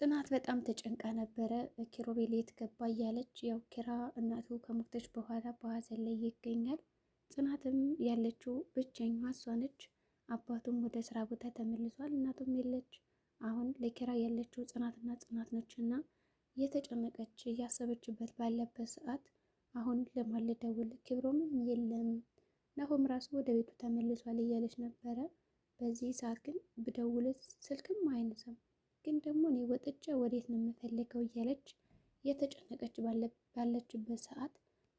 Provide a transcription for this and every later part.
ጽናት በጣም ተጨንቃ ነበረ። ኪሮቤል የት ገባ እያለች ያው ኪራ እናቱ ከሞተች በኋላ በሀዘን ላይ ይገኛል። ጽናትም ያለችው ብቸኛ እሷ ነች። አባቱም ወደ ስራ ቦታ ተመልሷል። እናቱም የለች። አሁን ለኪራ ያለችው ጽናትና ጽናት ነች እና እየተጨነቀች እያሰበችበት ባለበት ሰዓት አሁን ለማን ልደውል? ክብሮምም የለም ናሆም ራሱ ወደ ቤቱ ተመልሷል እያለች ነበረ። በዚህ ሰዓት ግን ብደውልስ ስልክም አይነሳም። ግን ደግሞ እኔ ወጥቼ ወዴት ነው የምፈልገው እያለች እየተጨነቀች ባለችበት ሰዓት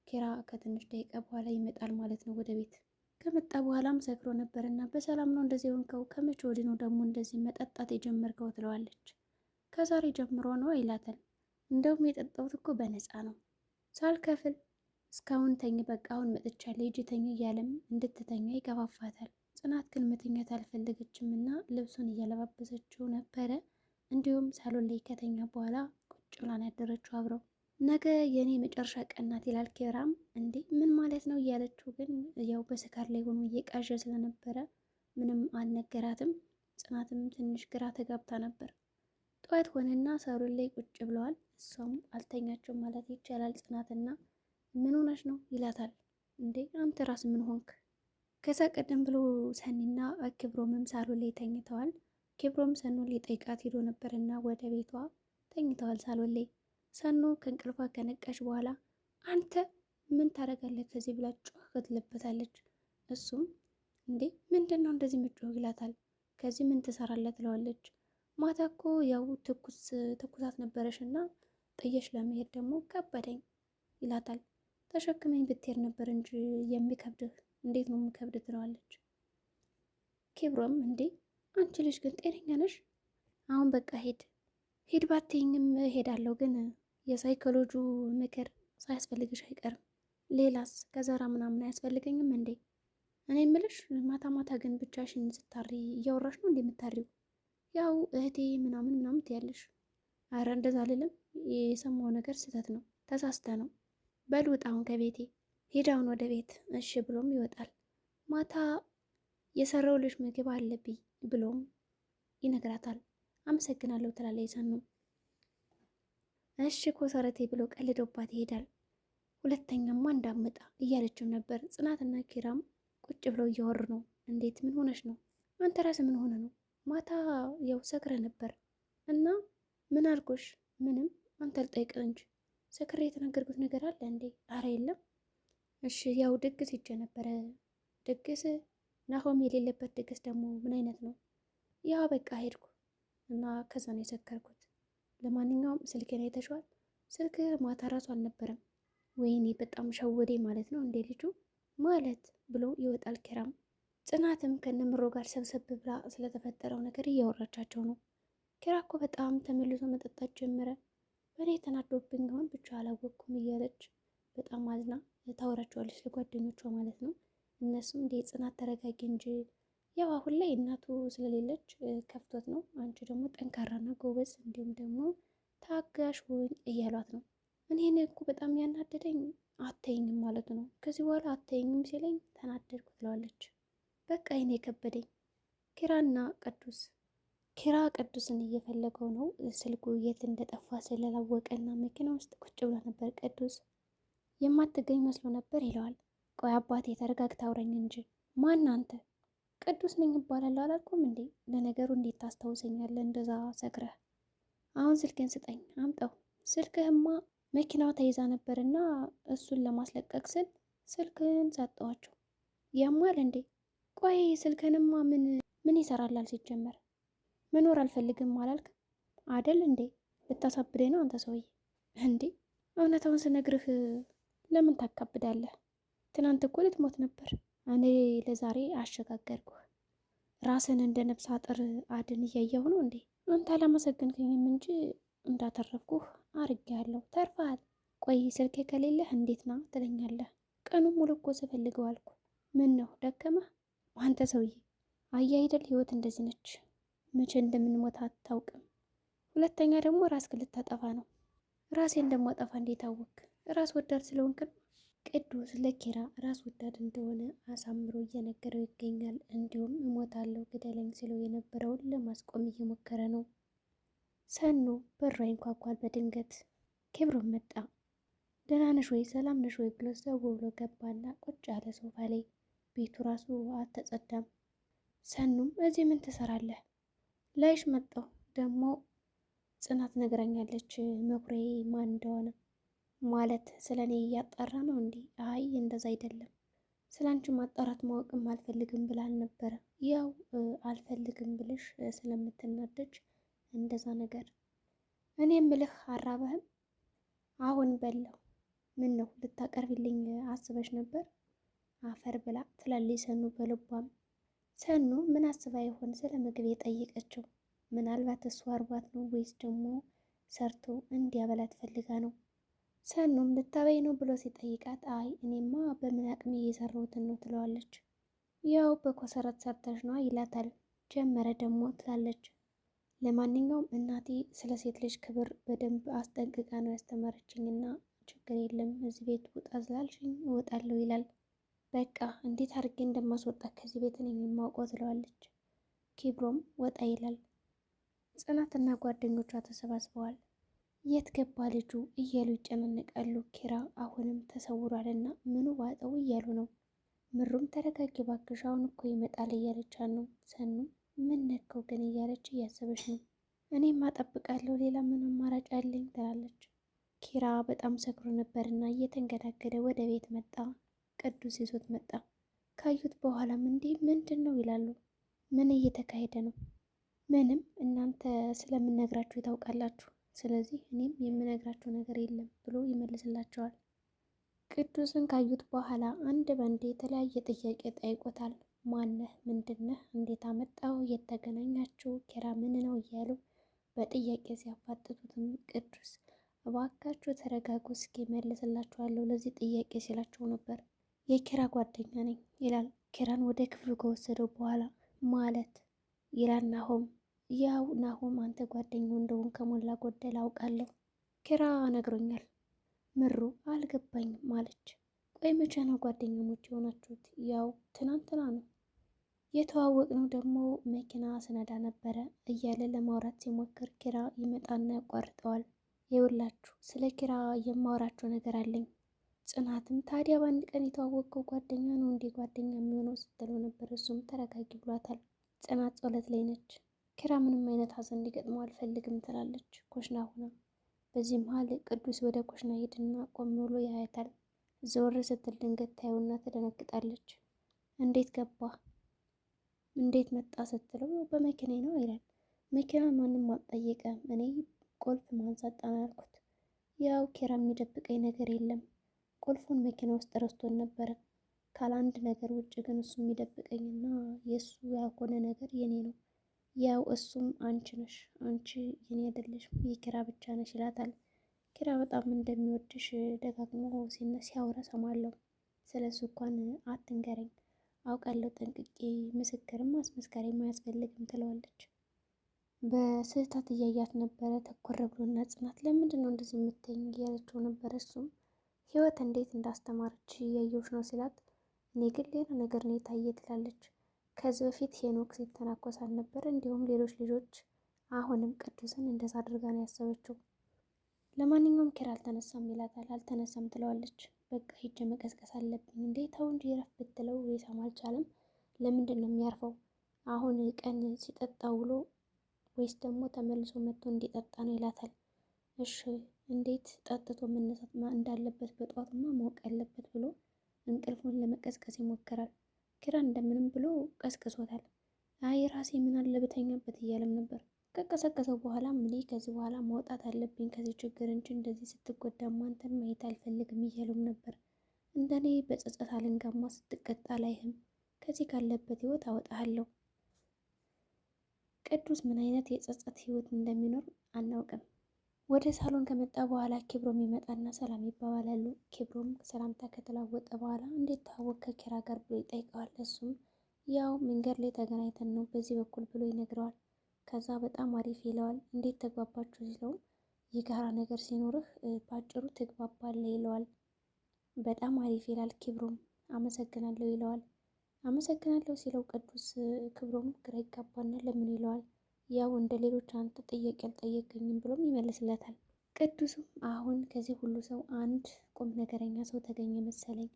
ኪራ ከትንሽ ደቂቃ በኋላ ይመጣል ማለት ነው ወደ ቤት። ከመጣ በኋላም ሰክሮ ነበር እና በሰላም ነው እንደዚህ የሆንከው? ከመቼ ወዲህ ነው ደግሞ እንደዚህ መጠጣት የጀመርከው? ትለዋለች። ከዛሬ ጀምሮ ነው ይላታል። እንደውም የጠጣሁት እኮ በነፃ ነው ሳልከፍል እስካሁን ተኝ፣ በቃ አሁን መጥቻለሁ ሂጂ ተኝ እያለም እንድትተኛ ይገፋፋታል። ጽናት ግን መተኛት አልፈለገችም እና ልብሱን እያለባበሰችው ነበረ። እንዲሁም ሳሎን ላይ ከተኛ በኋላ ቁጭ ብላን ያደረችው አብረው ነገ የእኔ መጨረሻ ቀናት ይላል ኪራም። እንዴ ምን ማለት ነው እያለችው ግን ያው በስካር ላይ ሆኖ እየቃዠ ስለነበረ ምንም አልነገራትም። ጽናትም ትንሽ ግራ ተጋብታ ነበር። ጠዋት ሆነና ሳሎን ላይ ቁጭ ብለዋል። እሷም አልተኛቸው ማለት ይቻላል። ጽናትና ምን ሆነሽ ነው ይላታል። እንዴ አንተ ራስ ምን ሆንክ? ከዛ ቀደም ብሎ ሰኒና ክብሮምም ሳሎን ላይ ተኝተዋል። ኬብሮም ሰኑን ሊጠይቃት ሄዶ ነበርና ወደ ቤቷ ተኝተዋል ሳሎን ላይ። ሰኑ ከእንቅልፏ ከነቃሽ በኋላ አንተ ምን ታደርጋለህ ከዚህ ብላ ጮህ ትለበታለች። እሱም እንዴ ምንድን ነው እንደዚህ ምጮህ ይላታል። ከዚህ ምን ትሰራለህ ትለዋለች። ማታ እኮ ያው ትኩስ ትኩሳት ነበረሽ እና ጥየሽ ለመሄድ ደግሞ ከበደኝ ይላታል። ተሸክመኝ ብትሄድ ነበር እንጂ የሚከብድህ እንዴት ነው የሚከብድህ ትለዋለች። ኬብሮም እንዴ አንቺ ልጅ ግን ጤነኛ ነሽ? አሁን በቃ ሄድ ሄድ ባትይኝም እሄዳለሁ፣ ግን የሳይኮሎጂ ምክር ሳያስፈልግሽ አይቀርም። ሌላስ ከዘራ ምናምን አያስፈልገኝም እንዴ? እኔ ምልሽ ማታ ማታ ግን ብቻሽን ስታሪ እያወራሽ ነው እንዴ የምታሪው? ያው እህቴ ምናምን ምናምን ትያለሽ። አረ እንደዛ አልልም። የሰማው ነገር ስህተት ነው፣ ተሳስተ ነው። በል ውጣ አሁን ከቤቴ ሂድ፣ አሁን ወደ ቤት። እሺ ብሎም ይወጣል። ማታ የሰራው ልጅ ምግብ አለብኝ ብሎም ይነግራታል። አመሰግናለሁ ትላለች ሰኑም። እሺ ኮሰረቴ ብሎ ቀልዶባት ይሄዳል። ሁለተኛማ እንዳመጣ እያለችው ነበር። ጽናትና ኪራም ቁጭ ብለው እያወሩ ነው። እንዴት ምን ሆነች ነው? አንተ ራስ ምን ሆነ ነው? ማታ ያው ሰክረ ነበር እና ምን አልኩሽ? ምንም አንተ ልጠይቅ እንጂ ሰክሬ የተናገርኩት ነገር አለ እንዴ? አረ የለም። እሺ ያው ድግስ ሂጄ ነበረ ድግስ ናሆም የሌለበት ድግስ ደግሞ ምን አይነት ነው? ያ በቃ ሄድኩ እና ከዛ ነው የሰከርኩት። ለማንኛውም ስልኬን አይተሸዋል? ስልክ ማታ ራሱ አልነበረም። ወይኔ በጣም ሸወዴ ማለት ነው እንዴ ልጁ ማለት ብሎ ይወጣል ኬራም። ጽናትም ከነምሮ ጋር ሰብሰብ ብላ ስለተፈጠረው ነገር እያወራቻቸው ነው። ኬራ እኮ በጣም ተመልሶ መጠጣት ጀመረ። በእኔ ተናዶብኝ ይሆን ብቻ አላወቅኩም እያለች በጣም አዝና ታወራቸዋለች ለጓደኞቿ ማለት ነው። እነሱም እንደ ጽናት ተረጋጊ እንጂ ያው አሁን ላይ እናቱ ስለሌለች ከፍቶት ነው። አንቺ ደግሞ ጠንካራና ጎበዝ እንዲሁም ደግሞ ታጋሽ ሁኝ እያሏት ነው። እኔ እኮ በጣም ያናደደኝ አታይኝም ማለት ነው። ከዚህ በኋላ አታይኝም ሲለኝ ተናደድኩ ትለዋለች። በቃ ይኔ የከበደኝ ኪራና ቅዱስ ኪራ ቅዱስን እየፈለገው ነው። ስልኩ የት እንደጠፋ ስላላወቀና መኪና ውስጥ ቁጭ ብሎ ነበር። ቅዱስ የማትገኝ መስሎ ነበር ይለዋል። ቆይ አባቴ ተረጋግታ አውረኝ እንጂ ማን አንተ? ቅዱስ ነኝ እባላለሁ አላልኩም እንዴ? ለነገሩ እንዴት ታስታውሰኛለህ እንደዛ ሰክረህ? አሁን ስልክን ስጠኝ። አምጠው። ስልክህማ መኪናዋ ተይዛ ነበርና እሱን ለማስለቀቅ ስል ስልክህን ሰጠዋቸው። ያማል እንዴ? ቆይ ስልክህንማ ምን ምን ይሰራላል? ሲጀመር መኖር አልፈልግም አላልክም አደል እንዴ? ልታሳብደኝ ነው አንተ ሰውዬ። እንዴ እውነታውን ስነግርህ ለምን ታካብዳለህ? ትናንት እኮ ልትሞት ነበር። እኔ ለዛሬ አሸጋገርኩ። ራስን እንደ ነብስ አጥር አድን እያየሁ ነው እንዴ? አንተ አላመሰገንከኝም እንጂ እንዳተረፍኩህ አርጌያለሁ። ተርፋል። ቆይ ስልኬ ከሌለህ እንዴት ና ትለኛለህ። ቀኑን ሙሉ እኮ ስፈልገው አልኩ። ምን ነው ደከመህ? አንተ ሰውዬ አየህ አይደል ህይወት እንደዚህ ነች። መቼ እንደምንሞት አታውቅም። ሁለተኛ ደግሞ ራስ ልታጠፋ ነው። ራሴ እንደማጠፋ እንዴት ራስ ወዳድ ስለሆንክን ቅዱስ ለኪራ ራስ ወዳድ እንደሆነ አሳምሮ እየነገረው ይገኛል። እንዲሁም እሞታለሁ ግደለኝ ስለው የነበረውን ለማስቆም እየሞከረ ነው። ሰኑ በሯ ይንኳኳል። በድንገት ኬብሮን መጣ። ደህና ነሽ ወይ ሰላም ነሽ ወይ ብሎ ሰው ብሎ ገባና ቁጭ ያለ ሶፋ ላይ ቤቱ ራሱ አልተጸዳም። ሰኑም እዚህ ምን ትሰራለህ? ላይሽ መጣሁ ደግሞ ጽናት ነግራኛለች መኩሬ ማን እንደሆነ ማለት ስለ እኔ እያጣራ ነው እንዴ? አይ እንደዛ አይደለም፣ ስለ አንቺ ማጣራት ማወቅም አልፈልግም ብላ አልነበረ። ያው አልፈልግም ብልሽ ስለምትናደጅ እንደዛ ነገር። እኔ ምልህ አራበህም? አሁን በላው። ምን ነው ልታቀርብልኝ አስበሽ ነበር? አፈር ብላ ትላለች ሰኑ በልቧም። ሰኑ ምን አስባ ይሆን ስለ ምግብ የጠየቀችው? ምናልባት እሱ አርባት ነው ወይስ ደግሞ ሰርቶ እንዲያበላ ትፈልጋ ነው? ሰኑም ልታበይ ነው ብሎ ሲጠይቃት አይ እኔማ በምን አቅሜ እየሰራሁትን ነው ትለዋለች። ያው በኮሰረት ሰርተሽ ነዋ ይላታል። ጀመረ ደግሞ ትላለች። ለማንኛውም እናቴ ስለ ሴት ልጅ ክብር በደንብ አስጠንቅቃ ነው ያስተማረችኝና ችግር የለም እዚህ ቤት ውጣ ስላልሽኝ እወጣለሁ ይላል። በቃ እንዴት አድርጌ እንደማስወጣ ከዚህ ቤት ነው የማውቀው ትለዋለች። ኪብሮም ወጣ ይላል። ጽናትና ጓደኞቿ ተሰባስበዋል። የት ገባ ልጁ እያሉ ይጨመነቃሉ። ኪራ አሁንም ተሰውሯልና ምኑ ዋጠው እያሉ ነው። ምሩም ተረጋጊ ባክሽ፣ አሁን እኮ ይመጣል እያለች ነው። ሰኑም ምን ነካው ግን እያለች እያሰበች ነው። እኔም አጠብቃለሁ ሌላ ምን አማራጭ አለኝ ትላለች። ኪራ በጣም ሰክሮ ነበርና እየተንገዳገደ ወደ ቤት መጣ። ቅዱስ ይዞት መጣ። ካዩት በኋላም እንዲህ ምንድን ነው ይላሉ። ምን እየተካሄደ ነው? ምንም እናንተ ስለምነግራችሁ ታውቃላችሁ ስለዚህ እኔም የምነግራቸው ነገር የለም ብሎ ይመልስላቸዋል። ቅዱስን ካዩት በኋላ አንድ በአንድ የተለያየ ጥያቄ ጠይቆታል። ማነህ? ምንድነህ? እንዴት አመጣው? የተገናኛችሁ ኬራ ምን ነው እያሉ በጥያቄ ሲያፋጥጡትም ቅዱስ እባካችሁ ተረጋጉ፣ እስኪ መልስላችኋለሁ ለዚህ ጥያቄ ሲላቸው ነበር። የኬራ ጓደኛ ነኝ ይላል። ኬራን ወደ ክፍሉ ከወሰደው በኋላ ማለት ይላል ናሆም ያው ናሆም አንተ ጓደኛው እንደውን ከሞላ ጎደል አውቃለሁ። ኪራ ነግሮኛል። ምሩ አልገባኝም አለች። ቆይ መቼ ነው ጓደኛሞች የሆናችሁት? ያው ትናንትና ነው የተዋወቅነው ደግሞ መኪና ስነዳ ነበረ እያለ ለማውራት ሲሞክር ኪራ ይመጣና ያቋርጠዋል። ይውላችሁ ስለ ኪራ የማውራቸው ነገር አለኝ። ጽናትም ታዲያ በአንድ ቀን የተዋወቀው ጓደኛ ነው እንዲህ ጓደኛ የሚሆነው ስትለው ነበር። እሱም ተረጋጊ ብሏታል። ጽናት ጸሎት ላይ ነች። ኪራ ምንም አይነት ሀዘን ሊገጥመው አልፈልግም ትላለች ኮሽና ሆና። በዚህ መሀል ቅዱስ ወደ ኮሽና ሄድና ቆም ብሎ ያያታል። ዘወር ስትል ድንገት ታየውና ትደነግጣለች። እንዴት ገባ እንዴት መጣ ስትለው በመኪና ነው ይላል። መኪና ማንም አልጠየቀም፣ እኔ ቁልፍ ማንሳት ጣና ያልኩት ያው ኪራ የሚደብቀኝ ነገር የለም። ቁልፉን መኪና ውስጥ ረስቶን ነበረ ካለአንድ ነገር ውጭ ግን እሱ የሚደብቀኝና የእሱ ያልሆነ ነገር የኔ ነው ያው እሱም አንቺ ነሽ አንቺ የኔ አይደለሽም የኪራ ብቻ ነሽ ይላታል። ኪራ በጣም እንደሚወድሽ ደጋግሞ ሲነ ሲያወራ ሰማለሁ። ስለሱ እንኳን አትንገረኝ አውቃለሁ ጠንቅቄ፣ ምስክርም አስመስከሬም አያስፈልግም ትለዋለች። በስህተት እያያት ነበረ ተኮረ ብሎና ጽናት ለምንድን ነው እንደዚህ የምትይኝ እያለችው ነበረ። እሱም ህይወት እንዴት እንዳስተማረች እያየሁሽ ነው ሲላት እኔ ግን ሌላ ነገር ነው የታየ ትላለች። ከዚህ በፊት ሄኖክ ሲተናኮስ አልነበር? እንዲሁም ሌሎች ልጆች አሁንም ቅዱስን እንደዛ አድርጋ ነው ያሰበችው። ለማንኛውም ኪራ አልተነሳም ይላታል። አልተነሳም ትለዋለች። በቃ ሂጅ መቀስቀስ አለብኝ እንዴ ተው እንጂ ረፍ ብትለው ሊሰማ አልቻለም። ለምንድን ነው የሚያርፈው? አሁን ቀን ሲጠጣ ውሎ ወይስ ደግሞ ተመልሶ መጥቶ እንዲጠጣ ነው ይላታል። እሺ እንዴት ጠጥቶ መነሳት እንዳለበት በጠዋትማ ማወቅ አለበት ብሎ እንቅልፉን ለመቀስቀስ ይሞክራል። ኪራ እንደምንም ብሎ ቀስቅሶታል። አይ ራሴ ምን አለ ብተኛበት እያለም ነበር። ከቀሰቀሰው በኋላ እንግዲህ ከዚህ በኋላ መውጣት አለብኝ ከዚህ ችግር እንጂ እንደዚህ ስትጎዳ አንተን ማየት አልፈልግም እያለም ነበር። እንደኔ በጸጸት አልንጋማ ስትቀጣ ላይህም ከዚህ ካለበት ህይወት አወጣሃለሁ። ቅዱስ ምን አይነት የጸጸት ህይወት እንደሚኖር አናውቅም። ወደ ሳሎን ከመጣ በኋላ ኬብሮም ይመጣና ሰላም ይባባላሉ። ኬብሮም ሰላምታ ከተለዋወጠ በኋላ እንዴት ተዋወቅ ከኪራ ጋር ብሎ ይጠይቀዋል። እሱም ያው መንገድ ላይ ተገናኝተን ነው በዚህ በኩል ብሎ ይነግረዋል። ከዛ በጣም አሪፍ ይለዋል። እንዴት ተግባባችሁ ሲለውም የጋራ ነገር ሲኖርህ በአጭሩ ትግባባለህ ይለዋል። በጣም አሪፍ ይላል ኬብሮም አመሰግናለሁ ይለዋል። አመሰግናለሁ ሲለው ቅዱስ ክብሮም ግራ ይጋባና ለምን ይለዋል። ያው እንደ ሌሎች አንተ ጥያቄ አልጠየቀኝም ብሎም ይመልስለታል። ቅዱስም አሁን ከዚህ ሁሉ ሰው አንድ ቁም ነገረኛ ሰው ተገኘ መሰለኝ።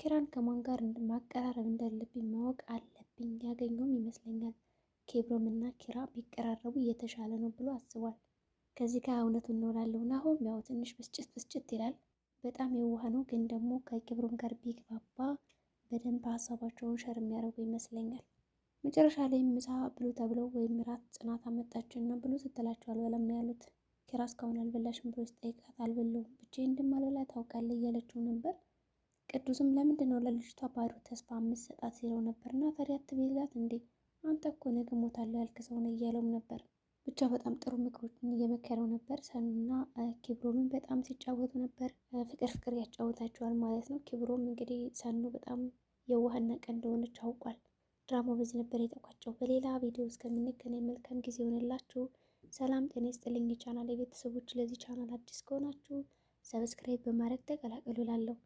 ኪራን ከማን ጋር ማቀራረብ እንዳለብኝ ማወቅ አለብኝ፣ ያገኘውም ይመስለኛል። ኬብሮም እና ኪራ ቢቀራረቡ እየተሻለ ነው ብሎ አስቧል። ከዚህ ጋር እውነቱ እንኖራለሁ። ናሆም ያው ትንሽ ብስጭት ብስጭት ይላል። በጣም የዋህ ነው፣ ግን ደግሞ ከኬብሮም ጋር ቢግባባ በደንብ ሀሳባቸውን ሸር የሚያደርጉ ይመስለኛል። መጨረሻ ላይ ምሳ ብሉ ተብለው ወይም ራት ጽናት አመጣችን እና ብሉ ስትላቸው አልበላም ያሉት። ኪራ እስካሁን አልበላሽም ብሎ ሲጠይቃት አልበላሁም ብቻዬን እንደማልበላ ታውቃለህ እያለችው ነበር። ቅዱስም ለምንድን ነው ለልጅቷ ባዶ ተስፋ የምትሰጣት ሲለው ነበር። እና ታዲያ አትቤላት እንዴ አንተ እኮ ነገ እሞታለሁ ያልክ ሰው ነው እያለውም ነበር። ብቻ በጣም ጥሩ ምክሮችን እየመከረው ነበር። ሰኑና ኪብሮምን በጣም ሲጫወቱ ነበር። ፍቅር ፍቅር ያጫወታቸዋል ማለት ነው። ኪብሮም እንግዲህ ሰኑ በጣም የዋህና ቀን እንደሆነች አውቋል። ድራማው በዚህ ነበር የተቋጨው። በሌላ ቪዲዮ እስከምንገናኝ መልካም ጊዜ ይሆንላችሁ። ሰላም ጤና ይስጥልኝ። የቻናል የቤተሰቦች ለዚህ ቻናል አዲስ ከሆናችሁ ሰብስክራይብ በማድረግ ተቀላቀሉ። ላለሁ